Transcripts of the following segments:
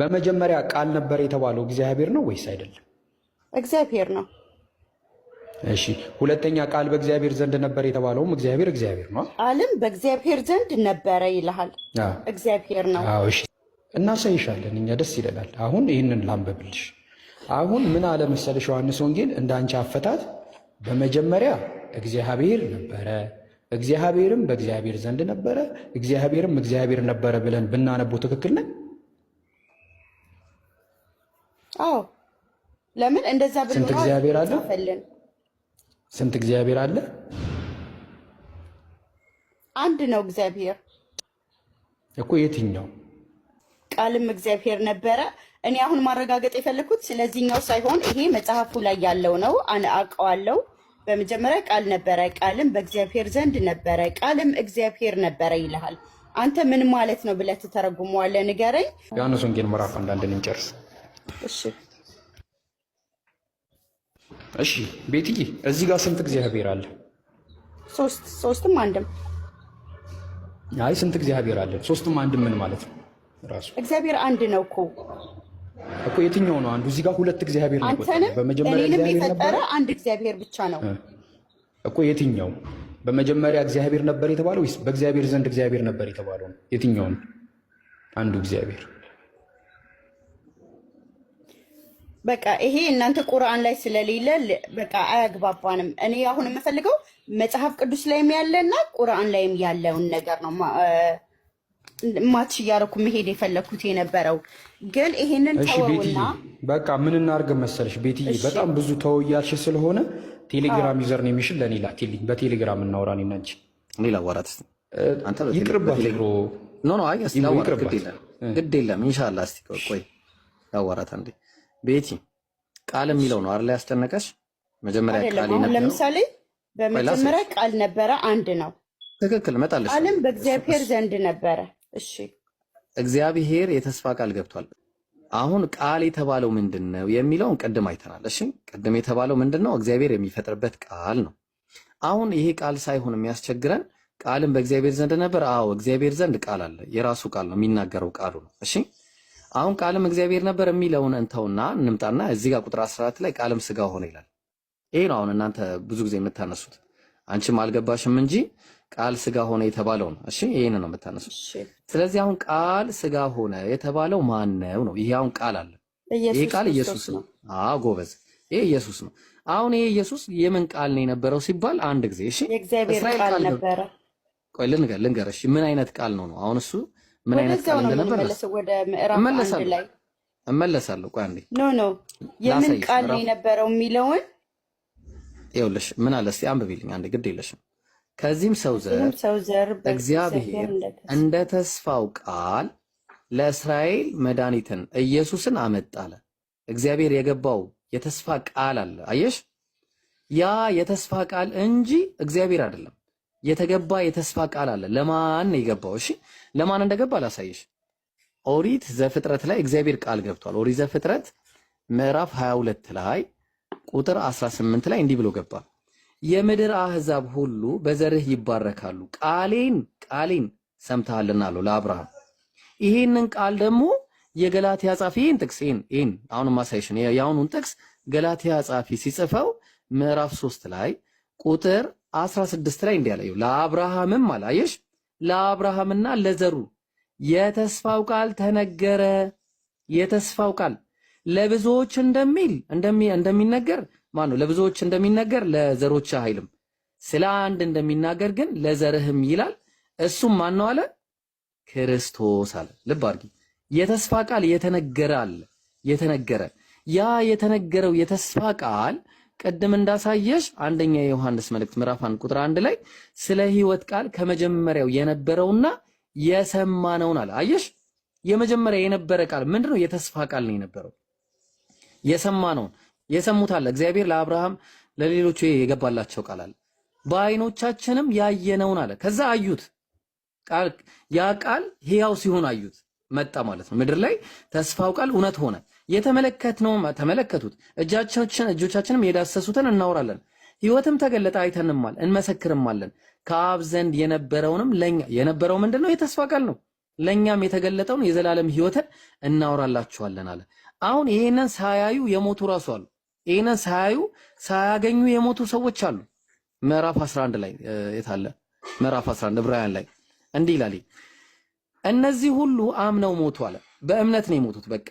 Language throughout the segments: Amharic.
በመጀመሪያ ቃል ነበር የተባለው እግዚአብሔር ነው ወይስ አይደለም? እግዚአብሔር ነው። እሺ፣ ሁለተኛ ቃል በእግዚአብሔር ዘንድ ነበር የተባለውም እግዚአብሔር እግዚአብሔር ነው። ቃልም በእግዚአብሔር ዘንድ ነበረ ይልሃል። እግዚአብሔር ነው። እሺ፣ እናሳይሻለን። እኛ ደስ ይለናል። አሁን ይህንን ላንበብልሽ። አሁን ምን አለ መሰለሽ ዮሐንስ ወንጌል እንደ አንቺ አፈታት በመጀመሪያ እግዚአብሔር ነበረ እግዚአብሔርም በእግዚአብሔር ዘንድ ነበረ እግዚአብሔርም እግዚአብሔር ነበረ ብለን ብናነቡ ትክክል ነን? አዎ ለምን እንደዛ ብሎ ስንት እግዚአብሔር አለ ስንት እግዚአብሔር አለ አንድ ነው እግዚአብሔር እኮ የትኛው ቃልም እግዚአብሔር ነበረ እኔ አሁን ማረጋገጥ የፈለኩት ስለዚህኛው ሳይሆን ይሄ መጽሐፉ ላይ ያለው ነው አውቀዋለሁ በመጀመሪያ ቃል ነበረ ቃልም በእግዚአብሔር ዘንድ ነበረ ቃልም እግዚአብሔር ነበረ ይልሃል አንተ ምን ማለት ነው ብለህ ትተረጉመዋለህ ንገረኝ ዮሐንስ ወንጌል ምዕራፍ አንዳንድን እንጨርስ እሺ እሺ ቤትዬ እዚህ ጋር ስንት እግዚአብሔር አለ? ሶስት ሶስትም አንድም። አይ ስንት እግዚአብሔር አለ? ሶስትም አንድም ምን ማለት ነው? ራሱ እግዚአብሔር አንድ ነው እኮ እኮ የትኛው ነው አንዱ? እዚህ ጋር ሁለት እግዚአብሔር ነው። በመጀመሪያ እኔንም የፈጠረ አንድ እግዚአብሔር ብቻ ነው እኮ የትኛው? በመጀመሪያ እግዚአብሔር ነበር የተባለው ወይስ በእግዚአብሔር ዘንድ እግዚአብሔር ነበር የተባለው? የትኛው ነው አንዱ እግዚአብሔር በቃ ይሄ እናንተ ቁርአን ላይ ስለሌለ በቃ አያግባባንም። እኔ አሁን የምፈልገው መጽሐፍ ቅዱስ ላይም ያለ እና ቁርአን ላይም ያለውን ነገር ነው ማች እያደረኩ መሄድ የፈለግኩት የነበረው። ግን ይሄንን ተወውና በቃ ምን እናርግ መሰለሽ ቤትዬ፣ በጣም ብዙ ተው ተወያልሽ ስለሆነ ቴሌግራም ነው የሚሽል ለኔ ላኪልኝ። በቴሌግራም እናወራ እኔና እንጂ እኔ ላዋራት ይቅርባት፣ ይቅርባት፣ ግድ የለም ኢንሻላህ። እስኪ ቆይ ላዋራት አንዴ ቤቲ ቃል የሚለው ነው አይደል? ያስጨነቀሽ መጀመሪያ ቃል ነበር። ለምሳሌ በመጀመሪያ ቃል ነበረ፣ አንድ ነው። ትክክል መጣለሽ። ቃልም በእግዚአብሔር ዘንድ ነበረ። እሺ፣ እግዚአብሔር የተስፋ ቃል ገብቷል። አሁን ቃል የተባለው ምንድን ነው የሚለውን ቅድም አይተናል። እሺ፣ ቅድም የተባለው ምንድን ነው? እግዚአብሔር የሚፈጥርበት ቃል ነው። አሁን ይሄ ቃል ሳይሆን የሚያስቸግረን ቃልም በእግዚአብሔር ዘንድ ነበር። አዎ፣ እግዚአብሔር ዘንድ ቃል አለ። የራሱ ቃል ነው፣ የሚናገረው ቃሉ ነው። እሺ አሁን ቃልም እግዚአብሔር ነበር የሚለውን እንተውና እንምጣና እዚህ ጋር ቁጥር 14 ላይ ቃልም ስጋ ሆነ ይላል። ይሄ ነው አሁን እናንተ ብዙ ጊዜ የምታነሱት። አንቺም አልገባሽም እንጂ ቃል ስጋ ሆነ የተባለው ነው። እሺ ይሄን ነው የምታነሱት። ስለዚህ አሁን ቃል ስጋ ሆነ የተባለው ማነው ነው? ይሄ አሁን ቃል አለ። ይሄ ቃል ኢየሱስ ነው። አዎ ጎበዝ፣ ይሄ ኢየሱስ ነው። አሁን ይሄ ኢየሱስ የምን ቃል ነው የነበረው ሲባል አንድ ጊዜ እሺ፣ የእግዚአብሔር ቃል ነበረ። ቆይ ልንገር ልንገር፣ እሺ ምን አይነት ቃል ነው ነው አሁን እሱ ምን አይነት ቃል እንደነበረስ እመለሳለሁ። ቆይ አንዴ ኖ ኖ የምን ቃል ነው የነበረው የሚለውን ይኸውልሽ ምን አለ እስኪ አንብቢልኝ አንዴ። ግድ የለሽም ከዚህም ሰው ዘር እግዚአብሔር እንደ ተስፋው ቃል ለእስራኤል መድኃኒትን ኢየሱስን አመጣለ። እግዚአብሔር የገባው የተስፋ ቃል አለ። አየሽ፣ ያ የተስፋ ቃል እንጂ እግዚአብሔር አይደለም። የተገባ የተስፋ ቃል አለ። ለማን ነው የገባው? እሺ ለማን እንደገባ ላሳይሽ። ኦሪት ዘፍጥረት ላይ እግዚአብሔር ቃል ገብቷል። ኦሪት ዘፍጥረት ምዕራፍ 22 ላይ ቁጥር 18 ላይ እንዲህ ብሎ ገባ፣ የምድር አህዛብ ሁሉ በዘርህ ይባረካሉ፣ ቃሌን ቃሌን ሰምተሃልና አለው ለአብርሃም። ይሄንን ቃል ደግሞ የገላትያ ጻፊ ይሄን ጥቅስ ይሄን ይሄን አሁን ማሳይሽን የአሁኑን ጥቅስ ገላትያ ጻፊ ሲጽፈው ምዕራፍ 3 ላይ ቁጥር አስራ ስድስት ላይ እንዲህ አለ። ለአብርሃምም አላየሽ ለአብርሃምና ለዘሩ የተስፋው ቃል ተነገረ። የተስፋው ቃል ለብዙዎች እንደሚል እንደሚነገር ማነው? ለብዙዎች እንደሚነገር ለዘሮች አይልም፣ ስለ አንድ እንደሚናገር ግን ለዘርህም ይላል። እሱም ማን ነው አለ? ክርስቶስ አለ። ልብ አድርጊ። የተስፋ ቃል የተነገረ አለ። የተነገረ ያ የተነገረው የተስፋ ቃል ቅድም እንዳሳየሽ አንደኛ የዮሐንስ መልእክት ምዕራፍ አንድ ቁጥር አንድ ላይ ስለ ህይወት ቃል ከመጀመሪያው የነበረውና የሰማነውን አለ። አየሽ የመጀመሪያ የነበረ ቃል ምንድነው? የተስፋ ቃል ነው የነበረው። የሰማነውን የሰሙት አለ። እግዚአብሔር ለአብርሃም ለሌሎቹ የገባላቸው ቃል አለ። በአይኖቻችንም ያየነውን አለ። ከዛ አዩት ቃል ያ ቃል ሕያው ሲሆን አዩት መጣ ማለት ነው። ምድር ላይ ተስፋው ቃል እውነት ሆነ። የተመለከትነው ተመለከቱት፣ እጃቻችን እጆቻችንም የዳሰሱትን እናወራለን። ህይወትም ተገለጠ አይተንማል፣ እንመሰክርማለን። ከአብ ዘንድ የነበረውንም ለኛ የነበረው ምንድነው? የተስፋ ቃል ነው። ለኛም የተገለጠውን የዘላለም ህይወትን እናወራላችኋለን አለ። አሁን ይሄንን ሳያዩ የሞቱ ራሱ አሉ። ይሄንን ሳያዩ ሳያገኙ የሞቱ ሰዎች አሉ። ምዕራፍ 11 ላይ የታለ? ምዕራፍ 11 ዕብራውያን ላይ እንዲህ ይላል፣ እነዚህ ሁሉ አምነው ሞቱ አለ። በእምነት ነው የሞቱት በቃ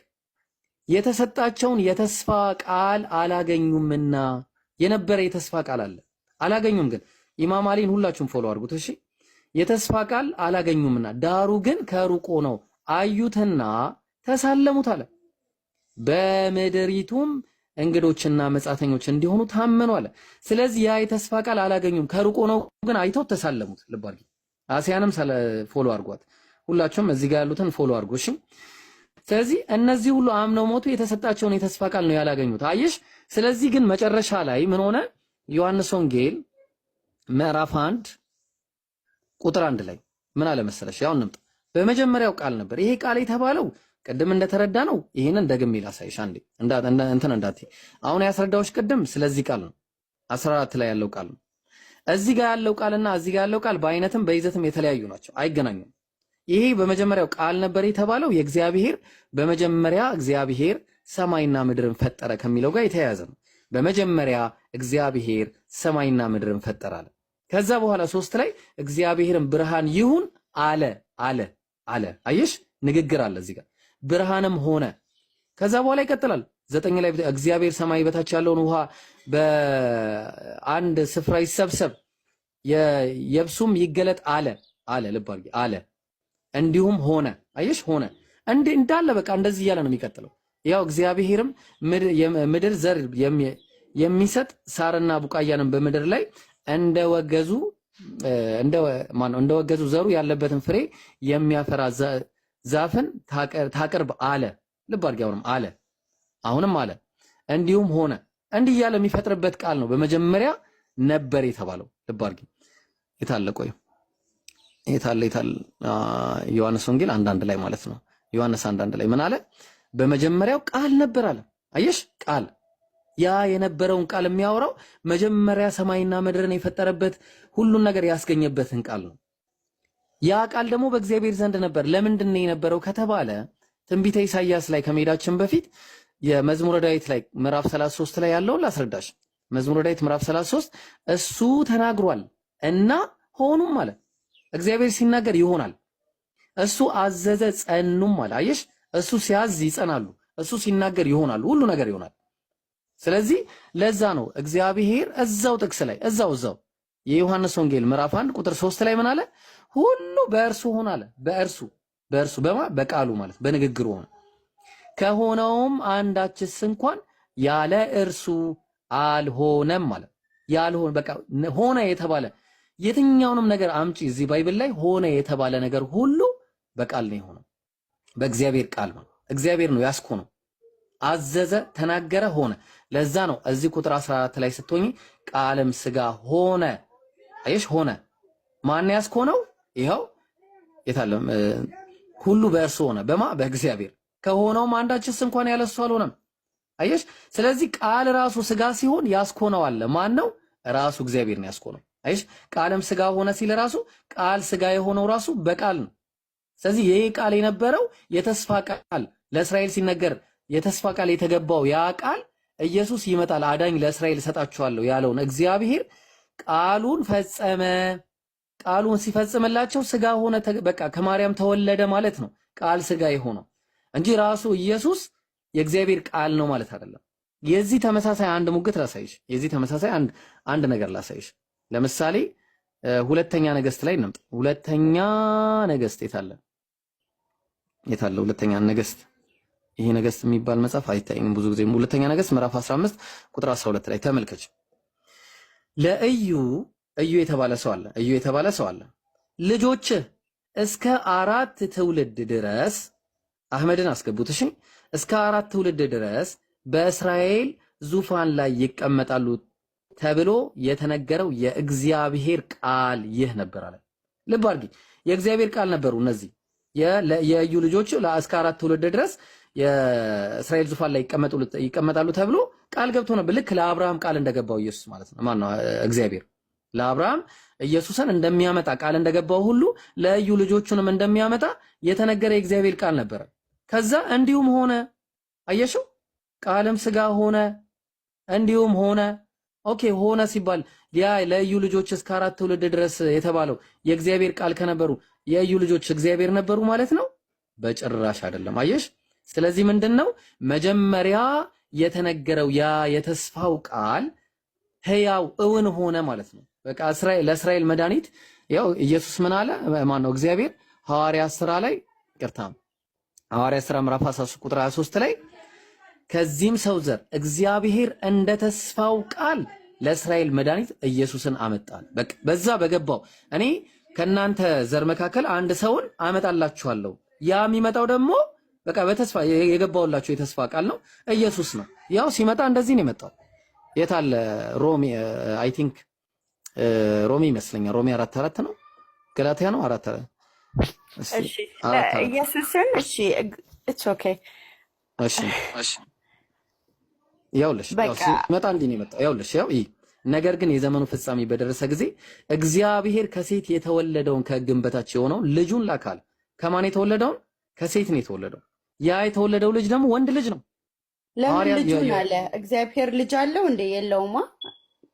የተሰጣቸውን የተስፋ ቃል አላገኙምና የነበረ የተስፋ ቃል አለ አላገኙም ግን ኢማም አሊን ሁላችሁም ፎሎ አድርጉት እሺ የተስፋ ቃል አላገኙምና ዳሩ ግን ከሩቆ ነው አዩትና ተሳለሙት አለ በምድሪቱም እንግዶችና መጻተኞች እንዲሆኑ ታመኑ አለ ስለዚህ ያ የተስፋ ቃል አላገኙም ከሩቆ ነው ግን አይተው ተሳለሙት ልብ አድርጊ አስያንም ፎሎ አድርጓት ሁላችሁም እዚህ ጋር ያሉትን ፎሎ አድርጉ እሺ ስለዚህ እነዚህ ሁሉ አምነው ሞቱ፣ የተሰጣቸውን የተስፋ ቃል ነው ያላገኙት። አየሽ። ስለዚህ ግን መጨረሻ ላይ ምን ሆነ? ዮሐንስ ወንጌል ምዕራፍ አንድ ቁጥር አንድ ላይ ምን አለ መሰለሽ? ያው እንምጣ። በመጀመሪያው ቃል ነበር። ይሄ ቃል የተባለው ቅድም እንደተረዳ ነው። ይሄንን ደግሜ ላሳይሽ አንዴ፣ እንትን እንዳትዪ። አሁን ያስረዳውሽ ቅድም ስለዚህ ቃል ነው፣ 14 ላይ ያለው ቃል ነው። እዚህ ጋር ያለው ቃልና እዚህ ጋር ያለው ቃል በአይነትም በይዘትም የተለያዩ ናቸው፣ አይገናኙም። ይሄ በመጀመሪያው ቃል ነበር የተባለው የእግዚአብሔር በመጀመሪያ እግዚአብሔር ሰማይና ምድርን ፈጠረ ከሚለው ጋር የተያያዘ ነው። በመጀመሪያ እግዚአብሔር ሰማይና ምድርን ፈጠረ አለ። ከዛ በኋላ ሶስት ላይ እግዚአብሔርን ብርሃን ይሁን አለ አለ አለ። አየሽ ንግግር አለ እዚህ ጋር ብርሃንም ሆነ። ከዛ በኋላ ይቀጥላል ዘጠኝ ላይ እግዚአብሔር ሰማይ በታች ያለውን ውሃ በአንድ ስፍራ ይሰብሰብ የብሱም ይገለጥ አለ አለ ልብ አለ እንዲሁም ሆነ። አየሽ ሆነ እንዴ እንዳለ በቃ እንደዚህ እያለ ነው የሚቀጥለው። ያው እግዚአብሔርም ምድር ዘር የሚሰጥ ሳርና ቡቃያንም በምድር ላይ እንደወገዙ እንደ ማነው እንደወገዙ ዘሩ ያለበትን ፍሬ የሚያፈራ ዛፍን ታቅርብ አለ። ልብ አድርጊ። አሁንም አለ አሁንም አለ እንዲሁም ሆነ። እንዲህ እያለ የሚፈጥርበት ቃል ነው። በመጀመሪያ ነበር የተባለው። ልብ አድርጊ። የታለ የታል ዮሐንስ ወንጌል አንዳንድ ላይ ማለት ነው። ዮሐንስ አንዳንድ ላይ ምን አለ? በመጀመሪያው ቃል ነበር አለ። አየሽ፣ ቃል ያ የነበረውን ቃል የሚያወራው መጀመሪያ ሰማይና ምድርን የፈጠረበት ሁሉን ነገር ያስገኘበትን ቃል ነው። ያ ቃል ደግሞ በእግዚአብሔር ዘንድ ነበር። ለምንድን ነው የነበረው ከተባለ ትንቢተ ኢሳይያስ ላይ ከመሄዳችን በፊት የመዝሙረ ዳዊት ላይ ምዕራፍ 33 ላይ ያለውን ላስረዳሽ። መዝሙረ ዳዊት ምዕራፍ 33 እሱ ተናግሯል እና ሆኑም አለ እግዚአብሔር ሲናገር ይሆናል። እሱ አዘዘ ጸኑም አለ። አየሽ፣ እሱ ሲያዝ ይጸናሉ። እሱ ሲናገር ይሆናሉ። ሁሉ ነገር ይሆናል። ስለዚህ ለዛ ነው እግዚአብሔር እዛው ጥቅስ ላይ እዛው እዛው የዮሐንስ ወንጌል ምዕራፍ 1 ቁጥር 3 ላይ ምን አለ? ሁሉ በእርሱ ሆነ አለ። በእርሱ በእርሱ በማ በቃሉ ማለት በንግግሩ ሆነ። ከሆነውም አንዳችስ እንኳን ያለ እርሱ አልሆነም ማለት ያልሆነ በቃ ሆነ የተባለ የትኛውንም ነገር አምጪ እዚህ ባይብል ላይ ሆነ የተባለ ነገር ሁሉ በቃል ነው የሆነው። በእግዚአብሔር ቃል ነው። እግዚአብሔር ነው ያስኮ ነው አዘዘ፣ ተናገረ፣ ሆነ። ለዛ ነው እዚህ ቁጥር 14 ላይ ስትሆኝ ቃልም ስጋ ሆነ። አየሽ ሆነ ማን ያስኮ ነው? ይኸው የታለም ሁሉ በእርሱ ሆነ። በማ በእግዚአብሔር ከሆነውም አንዳችስ እንኳን ያለሱ አልሆነም። አየሽ። ስለዚህ ቃል ራሱ ስጋ ሲሆን አለ። ማን ነው? ራሱ እግዚአብሔር ነው ያስኮነው። አይሽ ቃልም ስጋ ሆነ ሲል ራሱ ቃል ስጋ የሆነው ራሱ በቃል ነው። ስለዚህ ይህ ቃል የነበረው የተስፋ ቃል ለእስራኤል ሲነገር የተስፋ ቃል የተገባው ያ ቃል ኢየሱስ ይመጣል፣ አዳኝ ለእስራኤል እሰጣችኋለሁ ያለውን እግዚአብሔር ቃሉን ፈጸመ። ቃሉን ሲፈጽምላቸው ስጋ ሆነ፣ በቃ ከማርያም ተወለደ ማለት ነው። ቃል ስጋ የሆነው እንጂ ራሱ ኢየሱስ የእግዚአብሔር ቃል ነው ማለት አይደለም። የዚህ ተመሳሳይ አንድ ሙግት ላሳይሽ። የዚህ ተመሳሳይ አንድ አንድ ነገር ላሳይሽ። ለምሳሌ ሁለተኛ ነገስት ላይ እንምጣ። ሁለተኛ ነገስት የታለ የታለ? ሁለተኛ ነገስት ይሄ ነገስት የሚባል መጽሐፍ አይታይም ብዙ ጊዜ። ሁለተኛ ነገስት ምዕራፍ 15 ቁጥር 12 ላይ ተመልከች። ለእዩ እዩ የተባለ ሰው አለ። እዩ የተባለ ሰው አለ። ልጆች እስከ አራት ትውልድ ድረስ አህመድን አስገቡት። እሺ፣ እስከ አራት ትውልድ ድረስ በእስራኤል ዙፋን ላይ ይቀመጣሉ ተብሎ የተነገረው የእግዚአብሔር ቃል ይህ ነበር አለ። ልብ አድርጊ፣ የእግዚአብሔር ቃል ነበሩ እነዚህ የዩ ልጆች እስከ አራት ትውልድ ድረስ የእስራኤል ዙፋን ላይ ይቀመጣሉ ተብሎ ቃል ገብቶ ነበር። ልክ ለአብርሃም ቃል እንደገባው ኢየሱስ ማለት ነው። ማነው እግዚአብሔር ለአብርሃም ኢየሱስን እንደሚያመጣ ቃል እንደገባው ሁሉ ለዩ ልጆቹንም እንደሚያመጣ የተነገረ የእግዚአብሔር ቃል ነበረ። ከዛ እንዲሁም ሆነ። አየሽው፣ ቃልም ስጋ ሆነ፣ እንዲሁም ሆነ ኦኬ ሆነ ሲባል ያ ለኢዩ ልጆች እስከ አራት ትውልድ ድረስ የተባለው የእግዚአብሔር ቃል ከነበሩ የዩ ልጆች እግዚአብሔር ነበሩ ማለት ነው? በጭራሽ አይደለም። አየሽ። ስለዚህ ምንድን ነው መጀመሪያ የተነገረው ያ የተስፋው ቃል ህያው እውን ሆነ ማለት ነው። በቃ እስራኤል ለእስራኤል መድኃኒት ያው ኢየሱስ ምን አለ? ማን ነው እግዚአብሔር ሐዋርያ ስራ ላይ ቅርታ ሐዋርያ ስራ ምዕራፍ 13 ቁጥር 23 ላይ ከዚህም ሰው ዘር እግዚአብሔር እንደ ተስፋው ቃል ለእስራኤል መድኃኒት ኢየሱስን አመጣል። በዛ በገባው እኔ ከእናንተ ዘር መካከል አንድ ሰውን አመጣላችኋለሁ። ያ የሚመጣው ደግሞ በቃ በተስፋ የገባውላችሁ የተስፋ ቃል ነው፣ ኢየሱስ ነው። ያው ሲመጣ እንደዚህ ነው የመጣው። የታለ ሮሚ አይ ቲንክ ሮሚ ይመስለኛል። ሮሚ አራት አራት ነው፣ ገላትያ ነው አራት አራት። እሺ ኢየሱስን እሺ፣ ኢትስ ኦኬ። እሺ እሺ ያውልሽ መጣ እንዲህ ነው የመጣው። ያውልሽ ያው ነገር ግን የዘመኑ ፍጻሜ በደረሰ ጊዜ እግዚአብሔር ከሴት የተወለደውን ከሕግም በታች የሆነውን ልጁን ላካል። ከማን የተወለደውን? ከሴት ነው የተወለደው። ያ የተወለደው ልጅ ደግሞ ወንድ ልጅ ነው። ለምን ልጁን አለ? እግዚአብሔር ልጅ አለው እንደ የለውማ።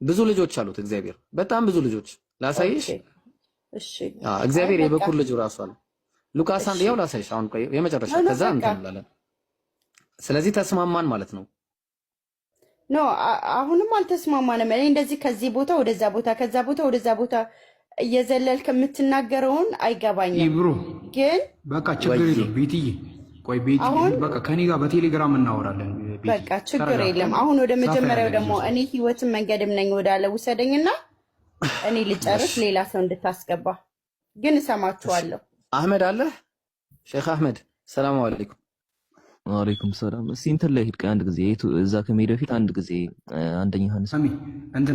ብዙ ልጆች አሉት እግዚአብሔር፣ በጣም ብዙ ልጆች። ላሳይሽ። እሺ፣ እግዚአብሔር የበኩር ልጅ ራሱ አለ። ሉቃስ አንድ ያው ላሳይሽ። አሁን ቆይ የመጨረሻ ከዛ እንትን እንላለን። ስለዚህ ተስማማን ማለት ነው። ኖ አሁንም አልተስማማንም። እኔ እንደዚህ ከዚህ ቦታ ወደዛ ቦታ ከዛ ቦታ ወደዛ ቦታ እየዘለልክ የምትናገረውን አይገባኝም። ግን በቃ ችግር የለም ቤትዬ፣ ቆይ ቤትዬ፣ በቃ ከኔ ጋር በቴሌግራም እናወራለን። በቃ ችግር የለም። አሁን ወደ መጀመሪያው ደግሞ እኔ ህይወትን መንገድም ነኝ ወዳለ ውሰደኝና እኔ ልጨርስ፣ ሌላ ሰው እንድታስገባ ግን እሰማችኋለሁ። አህመድ አለ ሼክ አህመድ ሰላም አለይኩም ዋሌኩም ሰላም። እስቲ እንትን ላይ ሂድ ቆይ፣ አንድ ጊዜ እዛ ከመሄድ በፊት አንድ ጊዜ አንደኛ ዮሐንስ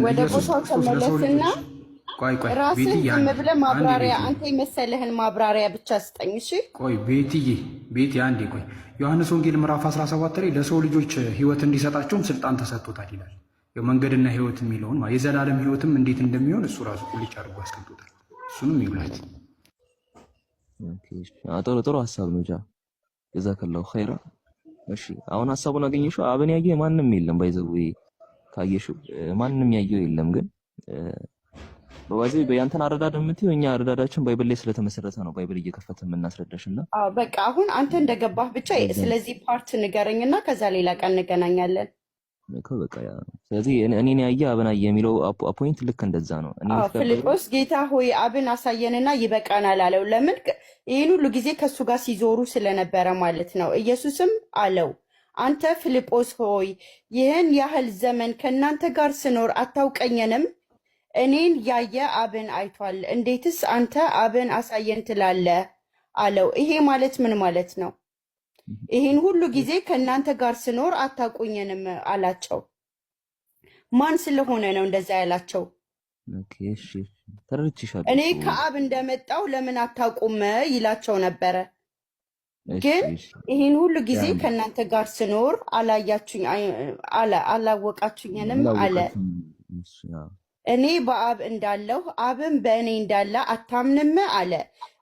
ወደ ቦታው ተመለስና ራስን ዝም ብለህ ማብራሪያ አንተ የመሰለህን ማብራሪያ ብቻ ስጠኝ። እሺ ቆይ ቤትዬ፣ ቤት አንዴ ቆይ። ዮሐንስ ወንጌል ምዕራፍ 17 ላይ ለሰው ልጆች ህይወት እንዲሰጣቸውም ስልጣን ተሰጥቶታል ይላል። መንገድና ህይወት የሚለውን የዘላለም ህይወትም እንዴት እንደሚሆን እሱ ራሱ ቁልጭ አድርጎ አስቀምጦታል። እሱንም ይብላት። ጥሩ ጥሩ ሀሳብ ነው። ጃ ጀዛከላሁ ኸይራ እሺ አሁን ሀሳቡን አገኘሽው? አብን ያየ ማንም የለም። ባይዘው ካየሽው ማንም ያየው የለም። ግን በባዜ በያንተን አረዳድ የምትይው እኛ አረዳዳችን ባይብል ላይ ስለተመሰረተ ነው። ባይብል እየከፈተ የምናስረዳሽ እና በቃ አሁን አንተ እንደገባህ ብቻ ስለዚህ ፓርት ንገረኝና ከዛ ሌላ ቀን እንገናኛለን። በቃ ስለዚህ እኔን ያየ አብን አየ የሚለው አፖይንት ልክ እንደዛ ነው። ፊልጶስ ጌታ ሆይ አብን አሳየንና ይበቃናል አለው። ለምን ይህን ሁሉ ጊዜ ከእሱ ጋር ሲዞሩ ስለነበረ ማለት ነው። ኢየሱስም አለው አንተ ፊልጶስ ሆይ ይህን ያህል ዘመን ከእናንተ ጋር ስኖር አታውቀኝንም? እኔን ያየ አብን አይቷል። እንዴትስ አንተ አብን አሳየን ትላለህ? አለው። ይሄ ማለት ምን ማለት ነው? ይህን ሁሉ ጊዜ ከእናንተ ጋር ስኖር አታውቁኝንም አላቸው። ማን ስለሆነ ነው እንደዛ ያላቸው? እኔ ከአብ እንደመጣው ለምን አታቁመ ይላቸው ነበረ። ግን ይህን ሁሉ ጊዜ ከእናንተ ጋር ስኖር አላወቃችኝንም አለ። እኔ በአብ እንዳለሁ አብም በእኔ እንዳለ አታምንም አለ።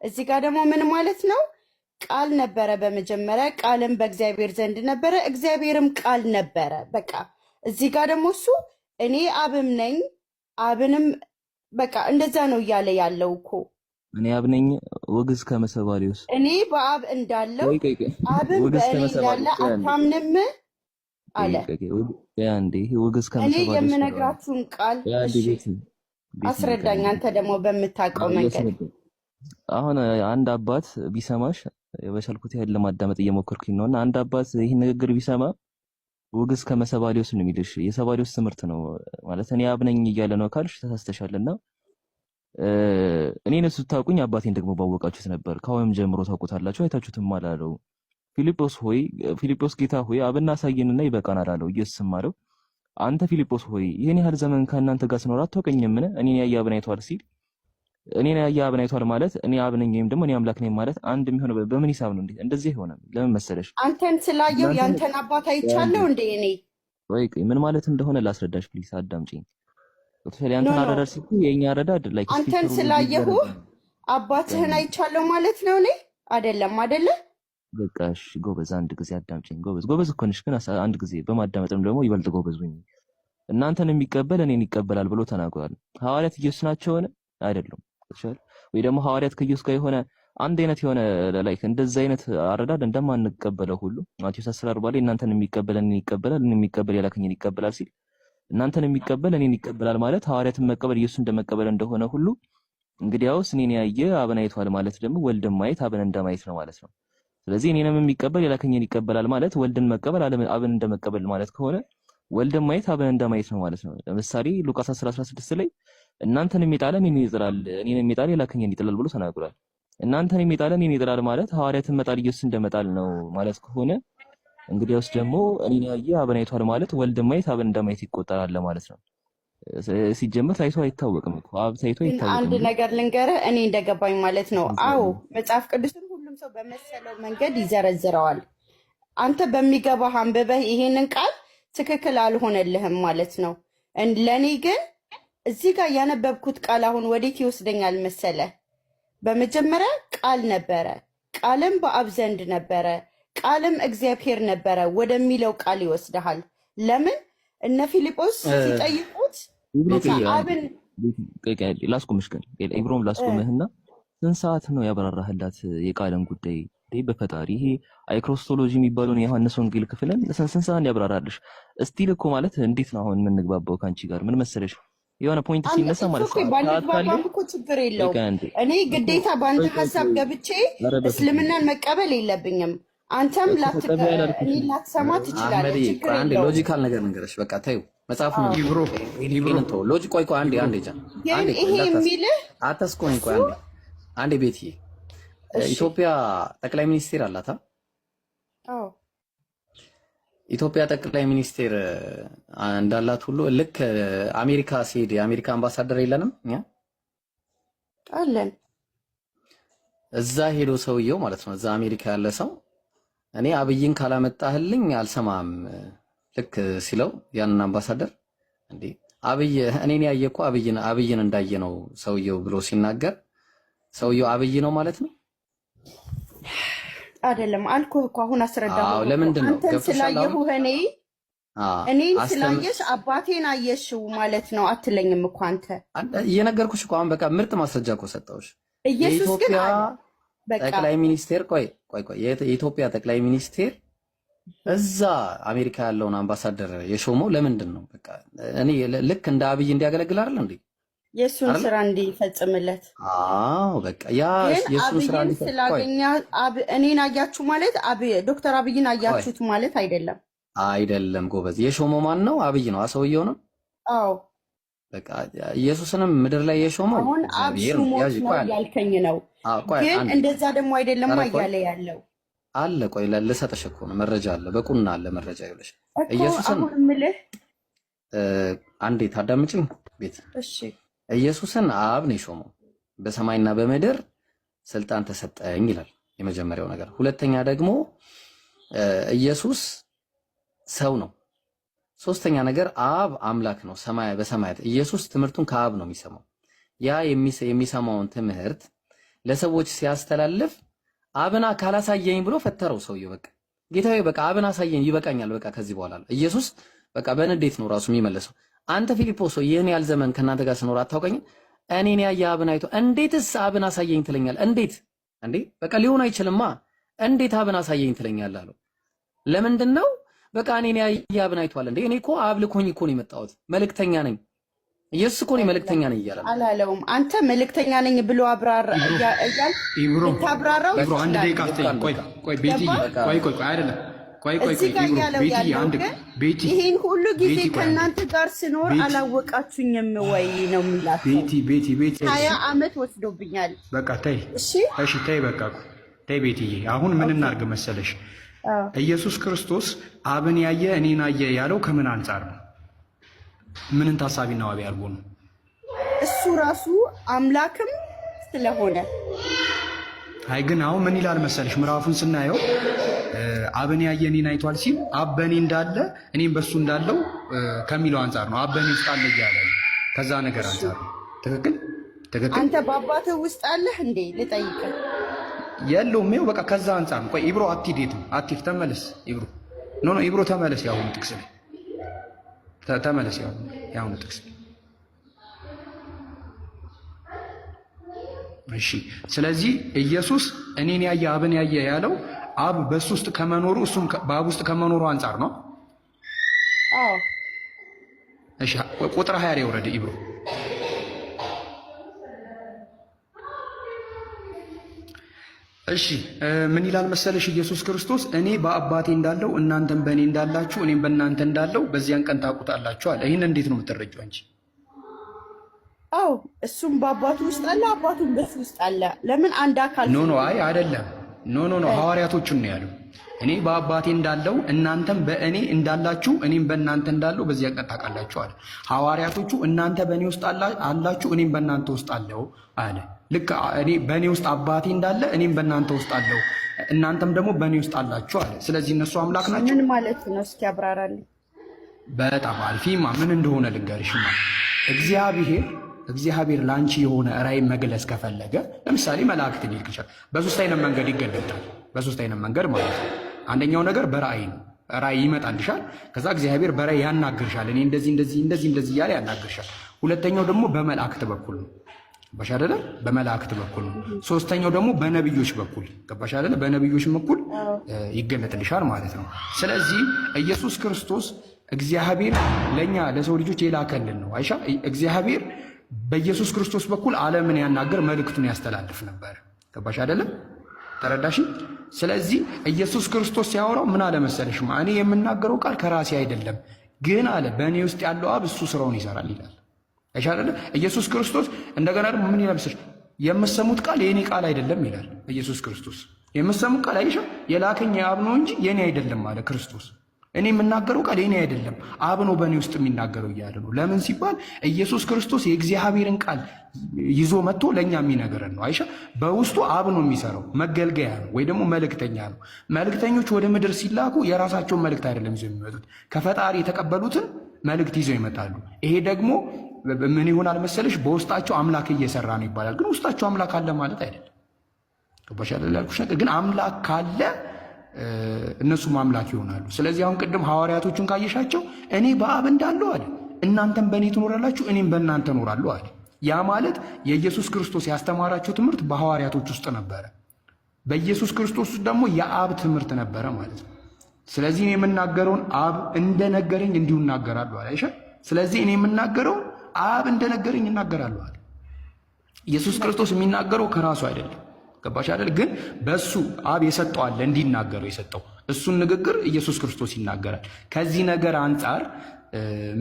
እዚህ ጋር ደግሞ ምን ማለት ነው? ቃል ነበረ በመጀመሪያ ቃልም በእግዚአብሔር ዘንድ ነበረ፣ እግዚአብሔርም ቃል ነበረ። በቃ እዚህ ጋር ደግሞ እሱ እኔ አብም ነኝ አብንም በቃ እንደዛ ነው እያለ ያለው እኮ እኔ አብ ነኝ ወግዝ ከመሰባሪውስ እኔ በአብ እንዳለው አብም በእኔ እንዳለ አታምንም አለ። እኔ የምነግራችሁን ቃል አስረዳኝ አንተ ደግሞ በምታውቀው መንገድ አሁን አንድ አባት ቢሰማሽ በቻልኩት ያህል ለማዳመጥ እየሞከርኩኝ ነው እና አንድ አባት ይህን ንግግር ቢሰማ ውግዝ ከመሰባሊዮስ ነው የሚልሽ። የሰባሊዮስ ትምህርት ነው ማለት እኔ አብነኝ እያለ ነው ካልሽ ተሳስተሻል። እና እኔን ስታውቁኝ አባቴን ደግሞ ባወቃችሁት ነበር። ከአሁንም ጀምሮ ታውቁታላችሁ፣ አይታችሁትም አላለው። ፊልጶስ ሆይ ፊልጶስ ጌታ ሆይ አብና ሳየንና ይበቃናል አለው። ኢየሱስም አለው አንተ ፊልጶስ ሆይ ይህን ያህል ዘመን ከእናንተ ጋር ስኖር አታውቀኝምን? እኔን ያየ አብን አይቷል ሲል እኔን ያየ አብን አይቷል ማለት እኔ አብ ነኝ ወይም ደግሞ እኔ አምላክ ነኝ ማለት አንድ የሚሆነ በምን ሂሳብ ነው? እንዴ እንደዚህ ሆነ። ለምን መሰለሽ አንተን ስላየው ያንተን አባት አይቻለሁ እንዴ? እኔ ወይ ምን ማለት እንደሆነ ላስረዳሽ ፕሊስ፣ አዳምጪኝ። ኦፊሻሊ ያንተን አረዳድ ሲኩ የኛ አረዳድ ላይክ አንተን ስላየሁ አባትህን አይቻለሁ ማለት ነው። እኔ አይደለም አይደለ? በቃ እሺ ጎበዝ፣ አንድ ጊዜ አዳምጪኝ። ጎበዝ ጎበዝ እኮ ነሽ፣ ግን አንድ ጊዜ በማዳመጥም ደግሞ ይበልጥ ጎበዝ ሁኚ። እናንተን የሚቀበል እኔን ይቀበላል ብሎ ተናግሯል። ሐዋርያት ኢየሱስ ናቸውን? አይደሉም ይችላል ወይ ደግሞ ሐዋርያት ከኢየሱስ ጋር የሆነ አንድ አይነት የሆነ ላይክ እንደዛ አይነት አረዳድ እንደማንቀበለው ሁሉ ማቴዎስ 10:40 ላይ እናንተን የሚቀበል እኔን ይቀበላል፣ እኔን የሚቀበል ያላከኝን ይቀበላል ሲል እናንተን የሚቀበል እኔን ይቀበላል ማለት ሐዋርያትን መቀበል ኢየሱስ እንደመቀበል እንደሆነ ሁሉ እንግዲያውስ እኔን ያየ አብን አይቷል ማለት ደግሞ ወልድን ማየት አብን እንደማየት ነው ማለት ነው። ስለዚህ እኔንም የሚቀበል ያላከኝን ይቀበላል ማለት ወልድን መቀበል አብን እንደመቀበል ማለት ከሆነ ወልድን ማየት አብን እንደማየት ነው ማለት ነው። ለምሳሌ ሉቃስ 10:16 ላይ እናንተን የሚጣለ እኔን ይጥላል፣ እኔን የሚጣለ የላከኝን ይጥላል ብሎ ተናግሯል። እናንተን የሚጣለ እኔን ይጥላል ማለት ሐዋርያትን መጣል ኢየሱስ እንደመጣል ነው ማለት ከሆነ እንግዲያውስ ደግሞ እኔን ያየ አብን አይቷል ማለት ወልድ ማየት አብን እንደማየት ይቆጠራል ማለት ነው። ሲጀመር ታይቶ አይታወቅም እኮ አብ ታይቶ አይታወቅም። አንድ ነገር ልንገርህ፣ እኔ እንደገባኝ ማለት ነው። አዎ መጽሐፍ ቅዱስን ሁሉም ሰው በመሰለው መንገድ ይዘረዝረዋል። አንተ በሚገባህ አንብበህ ይሄንን ቃል ትክክል አልሆነልህም ማለት ነው። ለእኔ ግን እዚህ ጋር ያነበብኩት ቃል አሁን ወዴት ይወስደኛል መሰለ? በመጀመሪያ ቃል ነበረ፣ ቃልም በአብ ዘንድ ነበረ፣ ቃልም እግዚአብሔር ነበረ ወደሚለው ቃል ይወስድሃል። ለምን እነ ፊልጶስ ሲጠይቁት አብን ላስቁምሽ ግን ኢብሮም ላስቁምህና ስንት ሰዓት ነው ያብራራህላት የቃልን ጉዳይ? በፈጣሪ ይሄ አይክሮስቶሎጂ የሚባለውን የዮሐንስ ወንጌል ክፍልን ስንት ሰዓት ያብራራልሽ? እስቲል እኮ ማለት እንዴት ነው አሁን የምንግባባው ከአንቺ ጋር ምን መሰለሽ የሆነ ፖይንት ሲነሳ ማለት ነው። ባንግባባም እኮ ችግር የለውም። እኔ ግዴታ በአንተ ሀሳብ ገብቼ እስልምናን መቀበል የለብኝም። አንተም ላትሰማ ትችላለህ። ችግር የለውም። ሎጂካል ነገር ነገረች። በቃ ተይው። መጽሐፉ ሎጂ ቆይ ቆይ አንዴ አንዴ ጃ ይሄ የሚልህ አታስቆኝ። ቆይ አንዴ አንዴ ቤትዬ፣ ኢትዮጵያ ጠቅላይ ሚኒስቴር አላታ ኢትዮጵያ ጠቅላይ ሚኒስቴር እንዳላት ሁሉ ልክ አሜሪካ ሲሄድ የአሜሪካ አምባሳደር የለንም እኛ አለን። እዛ ሄዶ ሰውየው ማለት ነው እዛ አሜሪካ ያለ ሰው እኔ አብይን ካላመጣህልኝ አልሰማም ልክ ሲለው ያንን አምባሳደር እንዴ አብይ እኔን ያየ እኮ አብይን አብይን እንዳየ ነው ሰውየው ብሎ ሲናገር ሰውየው አብይ ነው ማለት ነው። አይደለም አልኩህ እኮ አሁን አስረዳ። ለምንድን አንተን ስላየሁ እኔ እኔን ስላየሽ አባቴን አየሽው ማለት ነው አትለኝም እኮ አንተ። እየነገርኩሽ እኮ አሁን በቃ ምርጥ ማስረጃ እኮ ሰጠሁሽ። ኢየሱስ ጠቅላይ ሚኒስቴር ቆይ ቆይ ቆይ የኢትዮጵያ ጠቅላይ ሚኒስቴር እዛ አሜሪካ ያለውን አምባሳደር የሾመው ለምንድን ነው? በቃ እኔ ልክ እንደ አብይ እንዲያገለግል አይደል እንዴ? የእሱን ስራ እንዲፈጽምለት። በቃ ያ የእሱን ስራ ስላገኛ እኔን አያችሁ ማለት ዶክተር አብይን አያችሁት ማለት አይደለም። አይደለም ጎበዝ። የሾመው ማን ነው? አብይ ነው። አሰውየው ነው። አዎ በቃ ኢየሱስንም ምድር ላይ የሾመው አሁን አብሹሞት ነው ያልከኝ ነው። ግን እንደዛ ደግሞ አይደለም እያለ ያለው አለ። ቆይ ልሰጥሽ እኮ ነው መረጃ አለ፣ በቁና አለ መረጃ ይኸውልሽ። ኢየሱስን አሁን ምልህ አንዴ ታዳምጪኝ ቤት እሺ ኢየሱስን አብ ነው የሾመው። በሰማይና በምድር ስልጣን ተሰጠኝ ይላል የመጀመሪያው ነገር። ሁለተኛ ደግሞ ኢየሱስ ሰው ነው። ሶስተኛ ነገር አብ አምላክ ነው፣ ሰማይ በሰማያት ኢየሱስ ትምህርቱን ከአብ ነው የሚሰማው። ያ የሚሰማውን ትምህርት ለሰዎች ሲያስተላልፍ አብና ካላሳየኝ ብሎ ፈተረው ሰውየው። በቃ ጌታዬ፣ በቃ አብን አሳየኝ፣ ይበቃኛል፣ በቃ ከዚህ በኋላ ኢየሱስ በቃ በንዴት ነው ራሱ የሚመለሰው። አንተ ፊልጶስ ሆይ ይህን ያህል ዘመን ከእናንተ ጋር ስኖር አታውቀኝም? እኔን ያየ አብን አይቶ እንዴትስ አብን አሳየኝ ትለኛል? እንዴት እንዴ በቃ ሊሆን አይችልማ። እንዴት አብን አሳየኝ ትለኛል አለው። ለምንድን ነው በቃ እኔን ያየ አብን አይቷል። እንዴ እኔ እኮ አብ ልኮኝ እኮ ነው የመጣሁት፣ መልእክተኛ ነኝ። ኢየሱስ እኮ ነው መልእክተኛ ነኝ እያለ አላለውም። አንተ መልእክተኛ ነኝ ብሎ አብራራ እያል ታብራራው። ኢብሮ አንድ ደቂቃ ቆይ ቆይ፣ ቤቲ ቆይ ቆይ ቆይ፣ አይደለም ቆይ ቆይ ቆይ፣ ኢብሮ ቤቲ አንድ ይህን ሁሉ ጊዜ ከእናንተ ጋር ስኖር አላወቃችሁኝ የምወይ ነው የሚላቸው። ሀያ ዓመት ወስዶብኛል። በቃ ተይ፣ እሺ ተይ፣ በቃ ተይ ቤትዬ። አሁን ምን እናርግ መሰለሽ፣ ኢየሱስ ክርስቶስ አብን ያየ እኔን አየ ያለው ከምን አንጻር ነው? ምንን ታሳቢና ዋቢ አድርጎ ነው? እሱ ራሱ አምላክም ስለሆነ። አይ ግን አሁን ምን ይላል መሰለሽ፣ ምዕራፉን ስናየው አብን ያየ እኔን አይቷል ሲል አብ በእኔ እንዳለ እኔም በእሱ እንዳለው ከሚለው አንጻር ነው። አብ በእኔ ውስጥ አለ እያለ ከዛ ነገር አንጻር ነው። ትክክል ትክክል። አንተ በአባትህ ውስጥ አለህ እንዴ ልጠይቅህ? የለውም። ይኸው በቃ ከዛ አንጻር ነው። ቆይ ኢብሮ አትሂድ፣ አትሂድ፣ ተመለስ ኢብሮ። ኖ ኖ ኢብሮ ተመለስ። ያሁኑ ጥቅስ ላይ ተመለስ። ያሁኑ ጥቅስ እሺ። ስለዚህ ኢየሱስ እኔን ያየ አብን ያየ ያለው አብ በሱ ውስጥ ከመኖሩ እሱም በአብ ውስጥ ከመኖሩ አንጻር ነው። አዎ እሺ፣ ቁጥር 20 ላይ ወረደ ኢብሮ እሺ ምን ይላል መሰለሽ? ኢየሱስ ክርስቶስ እኔ በአባቴ እንዳለው እናንተም በእኔ እንዳላችሁ እኔም በእናንተ እንዳለው በዚያን ቀን ታውቁታላችሁ አለ። ይህን እንዴት ነው የምትረጂው አንቺ? አዎ እሱም በአባቱ ውስጥ አለ፣ አባቱም በሱ ውስጥ አለ። ለምን አንድ አካል ኖ ኖ አይ አይደለም ኖ ኖ ኖ ሐዋርያቶቹን ነው ያሉ። እኔ በአባቴ እንዳለው እናንተም በእኔ እንዳላችሁ እኔም በእናንተ እንዳለው በዚህ ቀን ታውቃላችሁ አለ። ሐዋርያቶቹ እናንተ በእኔ ውስጥ አላችሁ እኔም በእናንተ ውስጥ አለው አለ። ልክ እኔ በእኔ ውስጥ አባቴ እንዳለ እኔም በእናንተ ውስጥ አለው፣ እናንተም ደግሞ በእኔ ውስጥ አላችሁ አለ። ስለዚህ እነሱ አምላክ ናቸው። ምን ማለት ነው? እስኪ አብራራልኝ። በጣም አልፊማ ምን እንደሆነ ልንገርሽማ እግዚአብሔር እግዚአብሔር ለአንቺ የሆነ ራዕይን መግለጽ ከፈለገ ለምሳሌ መላእክት ሊልክ ይችላል። በሶስት አይነት መንገድ ይገለጣል። በሶስት አይነት መንገድ ማለት ነው። አንደኛው ነገር በራዕይ ነው። ራዕይ ይመጣልሻል። ከዛ እግዚአብሔር በራዕይ ያናግርሻል። እኔ እንደዚህ እንደዚህ እንደዚህ እንደዚህ እያለ ያናግርሻል። ሁለተኛው ደግሞ በመላእክት በኩል ነው። ገባሽ አይደለ? በመላእክት በኩል ነው። ሶስተኛው ደግሞ በነብዮች በኩል ገባሽ አይደለ? በነብዮች በኩል ይገለጥልሻል ማለት ነው። ስለዚህ ኢየሱስ ክርስቶስ እግዚአብሔር ለኛ ለሰው ልጆች የላከልን ነው። አይሻ እግዚአብሔር በኢየሱስ ክርስቶስ በኩል ዓለምን ያናገር መልእክቱን ያስተላልፍ ነበር። ገባሽ አይደለም? ተረዳሽ? ስለዚህ ኢየሱስ ክርስቶስ ሲያወራው ምን አለ መሰለሽ፣ እኔ የምናገረው ቃል ከራሴ አይደለም፣ ግን አለ በእኔ ውስጥ ያለው አብ እሱ ስራውን ይሰራል ይላል። አይሻለለ? ኢየሱስ ክርስቶስ እንደገና ደግሞ ምን ይለብሰሽ፣ የምሰሙት ቃል የእኔ ቃል አይደለም ይላል ኢየሱስ ክርስቶስ። የምሰሙት ቃል አይሻ የላከኝ የአብ ነው እንጂ የእኔ አይደለም አለ ክርስቶስ እኔ የምናገረው ቃል እኔ አይደለም አብ ነው በእኔ ውስጥ የሚናገረው እያለ ነው። ለምን ሲባል ኢየሱስ ክርስቶስ የእግዚአብሔርን ቃል ይዞ መጥቶ ለእኛ የሚነገረን ነው። አይሻ በውስጡ አብ ነው የሚሰራው፣ መገልገያ ነው ወይ ደግሞ መልእክተኛ ነው። መልእክተኞች ወደ ምድር ሲላኩ የራሳቸውን መልእክት አይደለም ይዘው የሚመጡት፣ ከፈጣሪ የተቀበሉትን መልእክት ይዘው ይመጣሉ። ይሄ ደግሞ ምን ይሆናል መሰለሽ? በውስጣቸው አምላክ እየሰራ ነው ይባላል። ግን ውስጣቸው አምላክ አለ ማለት አይደለም። ገባሽ? ያልኩሽ ነገር ግን አምላክ ካለ እነሱ ማምላክ ይሆናሉ። ስለዚህ አሁን ቅድም ሐዋርያቶቹን ካየሻቸው እኔ በአብ እንዳለው አለ እናንተም በእኔ ትኖራላችሁ፣ እኔም በእናንተ እኖራለሁ አለ። ያ ማለት የኢየሱስ ክርስቶስ ያስተማራቸው ትምህርት በሐዋርያቶች ውስጥ ነበረ፣ በኢየሱስ ክርስቶስ ውስጥ ደግሞ የአብ ትምህርት ነበረ ማለት ነው። ስለዚህ እኔ የምናገረውን አብ እንደነገረኝ እንዲሁ እናገራሉ አለ። አይሻ ስለዚህ እኔ የምናገረውን አብ እንደነገረኝ እናገራሉ አለ። ኢየሱስ ክርስቶስ የሚናገረው ከራሱ አይደለም። ገባሽ አይደል? ግን በእሱ አብ የሰጠው አለ እንዲናገረው የሰጠው እሱን ንግግር ኢየሱስ ክርስቶስ ይናገራል። ከዚህ ነገር አንጻር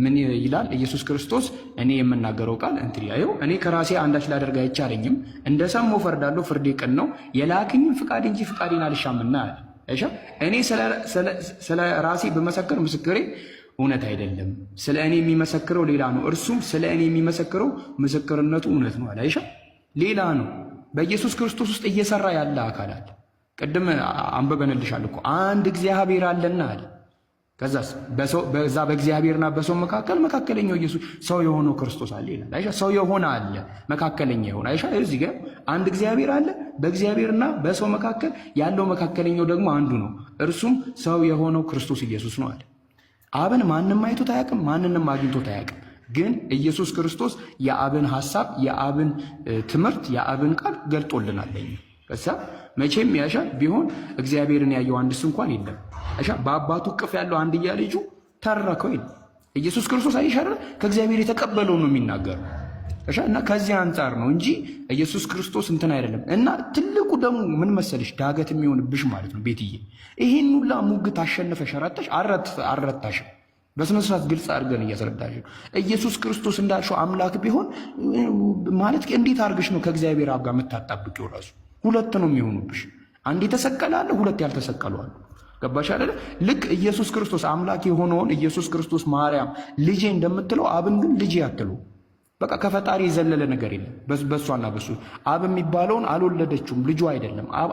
ምን ይላል ኢየሱስ ክርስቶስ? እኔ የምናገረው ቃል እንትን ያየው እኔ ከራሴ አንዳች ላደርግ አይቻለኝም፣ እንደ ሰማሁ ፈርዳለሁ፣ ፍርዴ ቅን ነው፣ የላክኝም ፍቃድ እንጂ ፍቃዴን አልሻምና አለ። እኔ ስለ ራሴ ብመሰክር ምስክሬ እውነት አይደለም፣ ስለ እኔ የሚመሰክረው ሌላ ነው፣ እርሱም ስለ እኔ የሚመሰክረው ምስክርነቱ እውነት ነው አለ። ሌላ ነው በኢየሱስ ክርስቶስ ውስጥ እየሰራ ያለ አካል አለ። ቅድም አንብበንልሻል እኮ አንድ እግዚአብሔር አለና አለ። ከዛስ በዛ በእግዚአብሔርና በሰው መካከል መካከለኛው ኢየሱስ ሰው የሆነው ክርስቶስ አለ ይላል። አይሻ ሰው የሆነ አለ፣ መካከለኛ የሆነ አይሻ። እዚህ ጋር አንድ እግዚአብሔር አለ፣ በእግዚአብሔርና በሰው መካከል ያለው መካከለኛው ደግሞ አንዱ ነው፣ እርሱም ሰው የሆነው ክርስቶስ ኢየሱስ ነው አለ። አብን ማንም አይቶት አያውቅም፣ ማንንም አግኝቶት አያውቅም። ግን ኢየሱስ ክርስቶስ የአብን ሐሳብ የአብን ትምህርት የአብን ቃል ገልጦልናለኝ። ከዛ መቼም ያሻ ቢሆን እግዚአብሔርን ያየው አንድስ እንኳን የለም። ያሻ በአባቱ ቅፍ ያለው አንድያ ልጁ ተረከው ይል ኢየሱስ ክርስቶስ አይሻረ ከእግዚአብሔር የተቀበለው ነው የሚናገር እሻ እና ከዚህ አንጻር ነው እንጂ ኢየሱስ ክርስቶስ እንትን አይደለም። እና ትልቁ ደግሞ ምን መሰለሽ ዳገት የሚሆንብሽ ማለት ነው ቤትዬ፣ ይሄን ሁላ ሙግት አሸነፈሽ አራጣሽ አረታሽ በስነ ስርዓት ግልጽ አድርገን እያስረዳሽ ነው። ኢየሱስ ክርስቶስ እንዳልሽው አምላክ ቢሆን ማለት እንዴት አድርገሽ ነው ከእግዚአብሔር አብ ጋር የምታጣብቂው? ራሱ ሁለት ነው የሚሆኑብሽ። አንድ የተሰቀለ አለ፣ ሁለት ያልተሰቀሉ አሉ። ገባሽ አይደለ? ልክ ኢየሱስ ክርስቶስ አምላክ የሆነውን ኢየሱስ ክርስቶስ ማርያም ልጄ እንደምትለው አብን ግን ልጄ አትሉ። በቃ ከፈጣሪ የዘለለ ነገር የለም በእሷና በሱ። አብ የሚባለውን አልወለደችውም፣ ልጁ አይደለም። አብ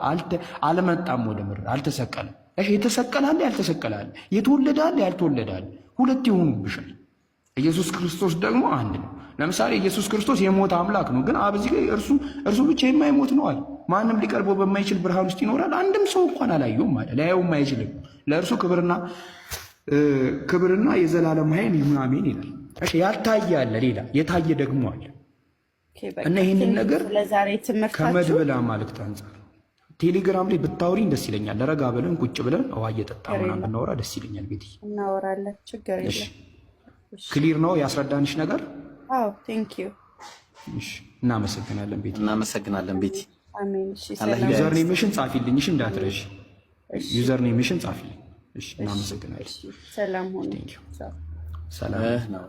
አልመጣም፣ ወደ ምድር አልተሰቀለም። የተሰቀላለ ያልተሰቀላለ፣ የተወለዳለ ያልተወለዳለ ሁለት ይሆኑብሻል። ኢየሱስ ክርስቶስ ደግሞ አንድ ነው። ለምሳሌ ኢየሱስ ክርስቶስ የሞት አምላክ ነው፣ ግን አብዚ እርሱ እርሱ ብቻ የማይሞት ነው አለ። ማንም ሊቀርበው በማይችል ብርሃን ውስጥ ይኖራል። አንድም ሰው እንኳን አላየውም አለ። ሊያየውም አይችልም። ለእርሱ ክብርና ክብርና የዘላለም ኃይል ምናምን ይላል። እሺ ያልታየ አለ፣ ሌላ የታየ ደግሞ አለ እና ይህንን ነገር ከመድበላ ማልክት አንጻር ቴሌግራም ላይ ብታወሪኝ ደስ ይለኛል። ለረጋ ብለን ቁጭ ብለን ውሃ እየጠጣ ምናምን ብናወራ ደስ ይለኛል። ቤት እናወራለን፣ ችግር የለም። ክሊር ነው ያስረዳንሽ ነገር። እናመሰግናለን ቤቲ፣ እናመሰግናለን ቤቲ። ዩዘር ኔምሽን ጻፊልኝ፣ እሺ እንዳትረሽ። ዩዘር ኔምሽን ጻፊልኝ፣ እሺ። እናመሰግናለን። ሰላም ሆነ። ሰላም ነው።